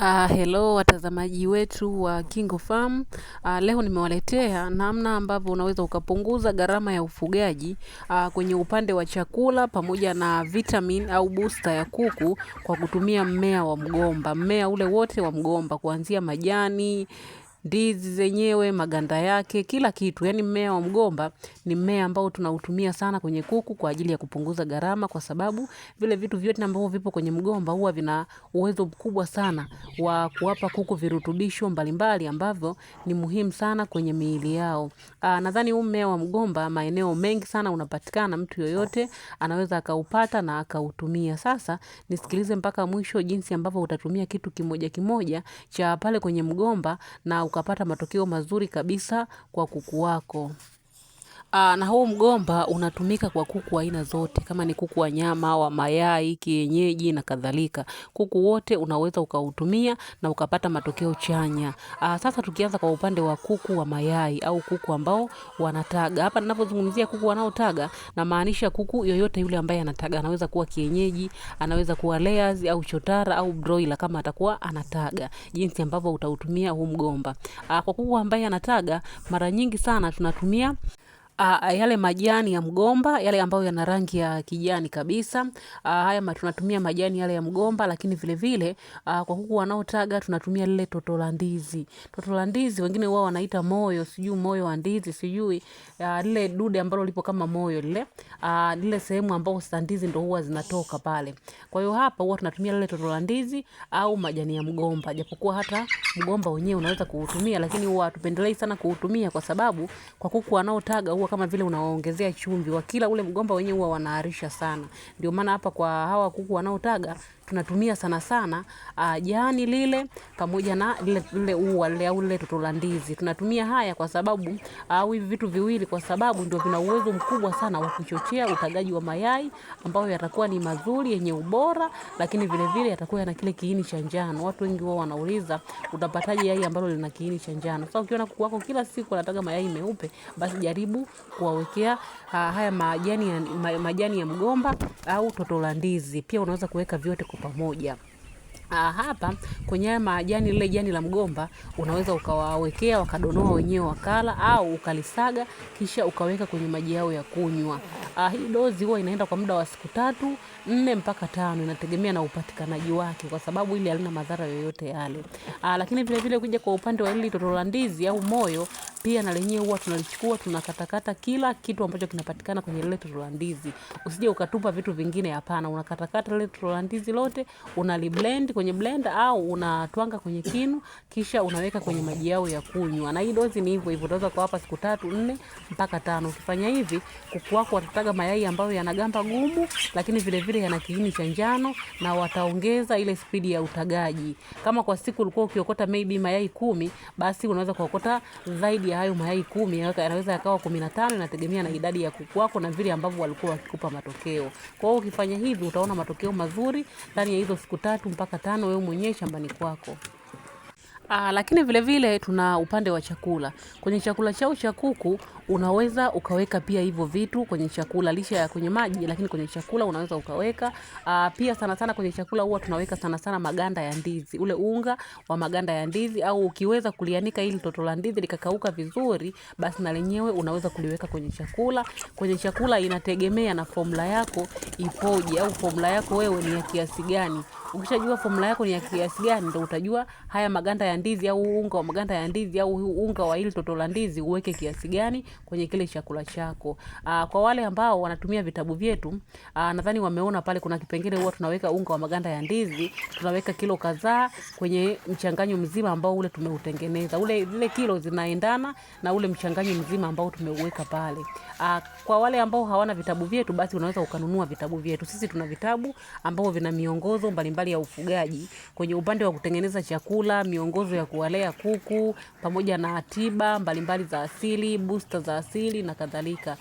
Uh, hello watazamaji wetu wa Kingo Farm. Uh, leo nimewaletea namna ambavyo unaweza ukapunguza gharama ya ufugaji uh, kwenye upande wa chakula pamoja na vitamin au booster ya kuku kwa kutumia mmea wa mgomba, mmea ule wote wa mgomba kuanzia majani ndizi zenyewe, maganda yake, kila kitu. Yani mmea wa mgomba ni mmea ambao tunautumia sana kwenye kuku kwa ajili ya kupunguza gharama, kwa sababu vile vitu vyote ambavyo vipo kwenye mgomba huwa vina uwezo mkubwa sana wa kuwapa kuku virutubisho mbalimbali ambavyo ni muhimu sana kwenye miili yao. Aa, ah, nadhani huu mmea wa mgomba maeneo mengi sana unapatikana, mtu yoyote anaweza akaupata na akautumia. Sasa nisikilize mpaka mwisho jinsi ambavyo utatumia kitu kimoja kimoja cha pale kwenye mgomba na ukapata matokeo mazuri kabisa kwa kuku wako. Aa, ah, na huu mgomba unatumika kwa kuku aina zote, kama ni kuku wa nyama, wa mayai, kienyeji na kadhalika. Kuku wote unaweza ukautumia na ukapata matokeo chanya. Aa, ah, sasa tukianza kwa upande wa kuku wa mayai au kuku ambao wanataga. Hapa ninapozungumzia kuku wanaotaga namaanisha kuku yoyote yule ambaye anataga. Anaweza kuwa kienyeji, anaweza kuwa layers au chotara au broiler kama atakuwa anataga. Jinsi ambavyo utautumia huu mgomba. Aa, ah, kwa kuku ambaye anataga mara nyingi sana tunatumia uh, yale majani ya mgomba yale ambayo yana rangi ya kijani kabisa. A, ah, haya ma, tunatumia majani yale ya mgomba, lakini vile vile a, kwa kuku wanaotaga tunatumia lile toto la ndizi. Toto la ndizi wengine wao wanaita moyo, sijui moyo wa ndizi, sijui lile dude ambalo lipo kama moyo lile, a, lile sehemu ambayo sasa ndizi ndo huwa zinatoka pale. Kwa hiyo hapa huwa tunatumia lile toto la ndizi au majani ya mgomba, japokuwa hata mgomba wenyewe unaweza kuutumia, lakini huwa hatupendelei sana kuutumia kwa sababu kwa kuku wanaotaga huwa kama vile unawaongezea chumvi. Wakila ule mgomba wenyewe huwa wanaarisha sana, ndio maana hapa kwa hawa kuku wanaotaga tunatumia sana sana uh, jani lile pamoja na lile, lile ua lile au lile toto la ndizi. Tunatumia haya kwa sababu au uh, hivi vitu viwili kwa sababu ndio vina uwezo mkubwa sana wa kuchochea utagaji wa mayai ambayo yatakuwa ni mazuri yenye ubora, lakini vile vile yatakuwa yana kile kiini cha njano. Watu wengi wao wanauliza utapataje yai ambalo lina kiini cha njano? Sasa so, ukiona kuku wako kila siku anataga mayai meupe, basi jaribu kuwawekea uh, haya majani ya, majani ya mgomba au toto la ndizi. Pia unaweza kuweka vyote kwa pamoja. Ah, hapa kwenye haya majani, lile jani la mgomba unaweza ukawawekea wakadonoa wenyewe wakala, au ukalisaga kisha ukaweka kwenye maji yao ya kunywa. Ah, hii dozi huwa inaenda kwa muda wa siku tatu nne mpaka tano, inategemea na upatikanaji wake, kwa sababu ili halina madhara yoyote yale. Ah, lakini vile vile kuja kwa upande wa ili totola ndizi au moyo pia na lenyewe huwa tunalichukua tunakatakata kila kitu ambacho kinapatikana kwenye lile tunda la ndizi. Usije ukatupa vitu vingine, hapana. Unakatakata lile tunda la ndizi lote, unaliblend kwenye blender au unatwanga kwenye kinu, kisha unaweka kwenye maji yao ya kunywa. Na hii dozi ni hivyo hivyo, unaweza kuwapa siku tatu, nne mpaka tano. Ukifanya hivi, kuku wako watataga mayai ambayo yanagamba gumu, lakini vile vile yana kiini cha njano na wataongeza ile spidi ya utagaji. Kama kwa siku ulikuwa ukiokota maybe mayai kumi, basi unaweza kuokota zaidi ya hayo mayai kumi eh, anaweza akawa kumi na tano, inategemea na idadi ya kuku wako na vile ambavyo walikuwa wakikupa matokeo. Kwa hiyo ukifanya hivi utaona matokeo mazuri ndani ya hizo siku tatu mpaka tano, wewe mwenyewe shambani kwako. Aa, ah, lakini vile vile tuna upande wa chakula. Kwenye chakula chao cha kuku unaweza ukaweka pia hivyo vitu kwenye chakula lisha ya kwenye maji, lakini kwenye chakula unaweza ukaweka. Aa, ah, pia sana sana kwenye chakula huwa tunaweka sana sana maganda ya ndizi, ule unga wa maganda ya ndizi, au ukiweza kulianika ili toto la ndizi likakauka vizuri, basi na lenyewe unaweza kuliweka kwenye chakula. Kwenye chakula inategemea na formula yako ipoje, au formula yako wewe ni ya kiasi gani. Ukishajua formula yako ni ya kiasi gani, ndio utajua haya maganda ya ndizi au unga wa maganda ya ndizi au unga wa ile toto la ndizi uweke kiasi gani kwenye kile chakula chako. Aa, ah, kwa wale ambao wanatumia vitabu vyetu, ah, nadhani wameona pale kuna kipengele huwa tunaweka unga wa maganda ya ndizi, tunaweka kilo kadhaa kwenye mchanganyo mzima ambao ule tumeutengeneza. Ule zile kilo zinaendana na ule mchanganyo mzima ambao tumeuweka pale. Aa, ah, kwa wale ambao hawana vitabu vyetu basi unaweza ukanunua vitabu vyetu. Sisi tuna vitabu ambavyo vina miongozo mbalimbali ya ufugaji kwenye upande wa kutengeneza chakula, miongozo mafunzo ya kuwalea kuku pamoja na tiba mbalimbali za asili, booster za asili na kadhalika.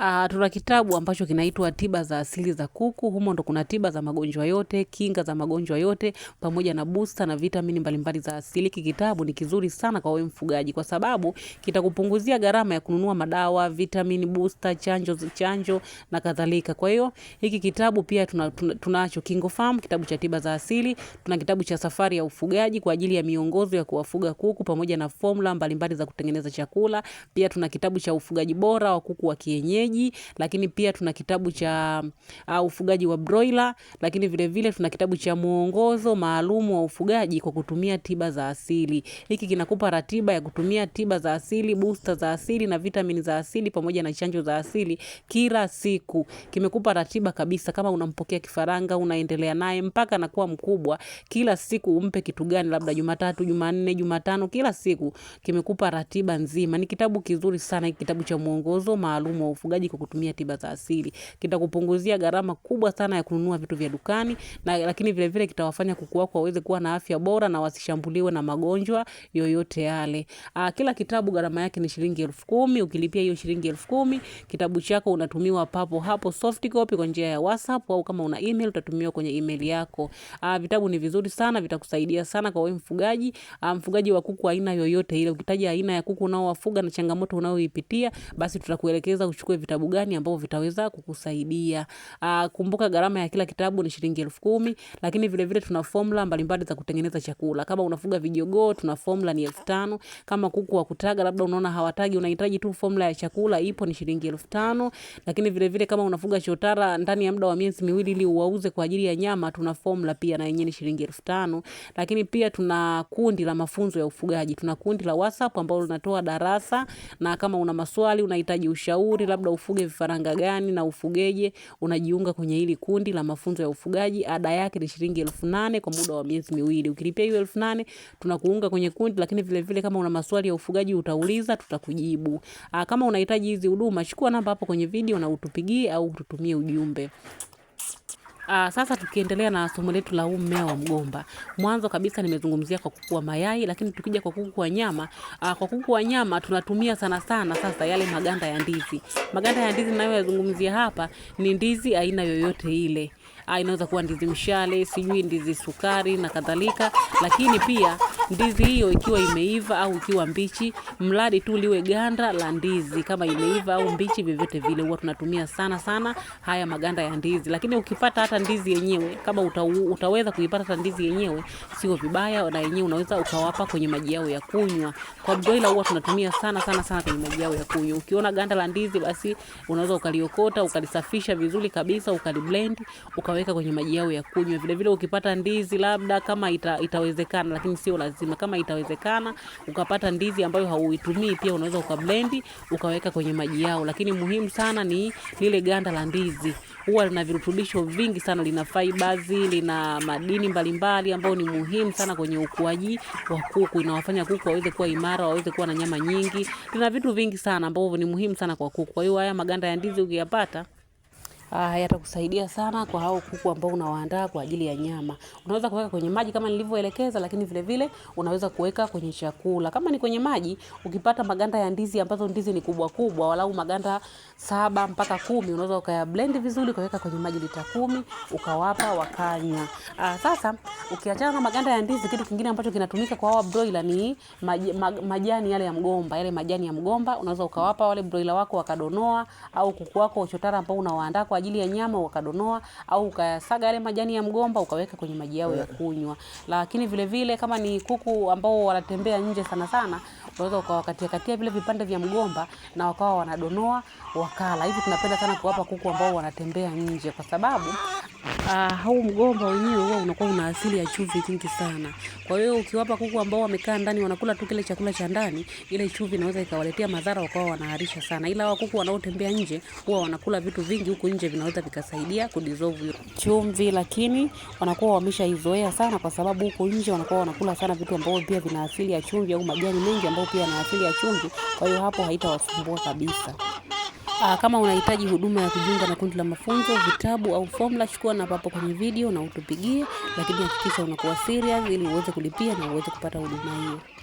Uh, tuna kitabu ambacho kinaitwa tiba za asili za kuku. Humo ndo kuna tiba za magonjwa yote, kinga za magonjwa yote, pamoja na booster na vitamini mbalimbali za asili. Hiki kitabu ni kizuri sana kwa wewe mfugaji, kwa sababu kitakupunguzia gharama ya kununua madawa, vitamini, booster, chanjo, chanjo na kadhalika. Kwa hiyo hiki kitabu pia tunacho tuna, tuna Kingo Farm, kitabu cha tiba za asili. Tuna kitabu cha safari ya ufugaji kwa ajili ya miongozo ya kuwafuga kuku pamoja na formula mbalimbali za kutengeneza chakula. Pia tuna kitabu cha ufugaji bora wa kuku wa kienyeji ufugaji, lakini pia tuna kitabu cha uh, ufugaji wa broiler, lakini vile vile tuna kitabu cha mwongozo maalum wa ufugaji kwa kutumia tiba za asili. Hiki kinakupa ratiba ya kutumia tiba za asili, booster za asili na vitamini za asili pamoja na chanjo za asili kila siku. Kimekupa ratiba kabisa kama unampokea kifaranga, unaendelea naye mpaka anakuwa mkubwa. Kila siku umpe kitu gani, labda Jumatatu, Jumanne, Jumatano, kila siku kimekupa ratiba nzima. Ni kitabu kizuri sana hiki kitabu cha mwongozo maalum wa ufugaji ufugaji kwa kutumia tiba za asili. Kitakupunguzia gharama kubwa sana ya kununua vitu vya dukani na lakini vile vile kitawafanya kuku wako waweze kuwa na afya bora na wasishambuliwe na magonjwa yoyote yale. Ah, kila kitabu gharama yake ni shilingi elfu kumi. Ukilipia hiyo shilingi elfu kumi, kitabu chako unatumiwa papo hapo soft copy kwa njia ya WhatsApp au kama una email utatumiwa kwenye email yako. Ah, vitabu ni vizuri sana, vitakusaidia sana kwa wewe mfugaji, ah, mfugaji wa kuku aina yoyote ile. Ukitaja aina ya kuku unaowafuga na changamoto unayoipitia, basi tutakuelekeza uchukue vitabu gani ambavyo vitaweza kukusaidia. Ah, kumbuka gharama ya kila kitabu ni shilingi elfu kumi, lakini vile vile tuna formula mbalimbali za kutengeneza chakula. Kama unafuga vijogoo, tuna formula ni elfu tano. Kama kuku wa kutaga labda unaona hawatagi, unahitaji tu formula ya chakula ipo ni shilingi elfu tano. Lakini vile vile kama unafuga chotara ndani ya muda wa miezi miwili ili uwauze kwa ajili ya nyama, tuna formula pia na yenyewe ni shilingi elfu tano. Lakini pia tuna kundi la mafunzo ya ufugaji. Tuna kundi la WhatsApp ambalo linatoa darasa na kama una maswali, unahitaji ushauri labda labda ufuge vifaranga gani na ufugeje, unajiunga kwenye hili kundi la mafunzo ya ufugaji. Ada yake ni shilingi elfu nane kwa muda wa miezi miwili. Ukilipia hiyo elfu nane tunakuunga kwenye kundi, lakini vile vile kama una maswali ya ufugaji utauliza, tutakujibu. Ah, kama unahitaji hizi huduma, chukua namba hapo kwenye video na utupigie au ututumie ujumbe. Uh, sasa tukiendelea na somo letu la huu mmea wa mgomba, mwanzo kabisa nimezungumzia kwa kuku wa mayai, lakini tukija kwa kuku wa nyama, uh, kwa kuku wa nyama tunatumia sana sana sasa yale maganda ya ndizi. Maganda ya ndizi ninayoyazungumzia hapa ni ndizi aina yoyote ile Ah, inaweza kuwa ndizi mshale, sijui ndizi sukari na kadhalika. Lakini pia ndizi hiyo ikiwa imeiva au ikiwa mbichi, mradi tu liwe ganda la ndizi, kama imeiva au mbichi, vyovyote vile, huwa tunatumia sana sana haya maganda ya ndizi. Lakini ukipata hata ndizi yenyewe, kama uta, utaweza kuipata hata ndizi yenyewe, sio vibaya, na yenyewe unaweza ukawapa kwenye maji yao ya kunywa. Kwa broila huwa tunatumia sana sana sana kwenye maji yao ya kunywa. Ukiona ganda la ndizi, basi unaweza ukaliokota ukalisafisha vizuri kabisa ukaliblend ukaweza utaweka kwenye maji yao ya kunywa. Vile vile ukipata ndizi labda kama ita, itawezekana, lakini sio lazima. Kama itawezekana ukapata ndizi ambayo hauitumii pia unaweza ukablendi ukaweka kwenye maji yao, lakini muhimu sana ni lile ganda la ndizi huwa lina virutubisho vingi sana, lina fibers, lina madini mbalimbali ambayo ni muhimu sana kwenye ukuaji wa kuku. Inawafanya kuku waweze kuwa imara, waweze kuwa na nyama nyingi. Lina vitu vingi sana ambavyo ni muhimu sana kwa kuku. Kwa hiyo haya maganda ya ndizi ukiyapata uh, yatakusaidia sana kwa hao kuku ambao unawaandaa kwa ajili ya nyama. Unaweza kuweka kwenye maji kama nilivyoelekeza, lakini vile vile unaweza kuweka kwenye chakula. Kama ni kwenye maji, ukipata maganda ya ndizi ambazo ndizi ni kubwa kubwa, walau maganda saba mpaka kumi, unaweza ukaya blend vizuri, ukaweka kwenye maji lita kumi, ukawapa wakanywa. Uh, ah, sasa ukiachana na maganda ya ndizi, kitu kingine ambacho kinatumika kwa hawa broiler ni maj, maj, majani yale ya mgomba, yale majani ya mgomba unaweza ukawapa wale broiler wako wakadonoa, au kuku wako chotara ambao unawaandaa kwa ajili ya nyama ukadonoa, au ukasaga yale majani ya mgomba ukaweka kwenye maji yao ya eh. kunywa. Lakini vile vile kama ni kuku ambao wanatembea nje sana sana, unaweza ukawakatia katia vile vipande vya mgomba na wakawa wanadonoa wakala. Hivi tunapenda sana kuwapa kuku ambao wanatembea nje kwa sababu Uh, huu mgomba wenyewe huwa unakuwa una asili ya chumvi nyingi sana. Kwa hiyo ukiwapa kuku ambao wamekaa ndani wanakula tu kile chakula cha ndani, ile chumvi inaweza ikawaletea madhara, wakawa wanaharisha sana, ila hawa kuku wanaotembea nje huwa wanakula vitu vingi huko nje vinaweza vikasaidia kudizovu chumvi, lakini wanakuwa wameshaizoea sana, kwa sababu huko nje wanakuwa wanakula sana vitu ambavyo pia vina asili ya chumvi au majani mengi ambayo pia yana asili ya chumvi. Kwa hiyo hapo haitawasumbua kabisa. Aa, ah, kama unahitaji huduma ya kujiunga na kundi la mafunzo, vitabu au formula, chukua na papo kwenye video na utupigie, lakini hakikisha unakuwa serious ili uweze kulipia na uweze kupata huduma hiyo.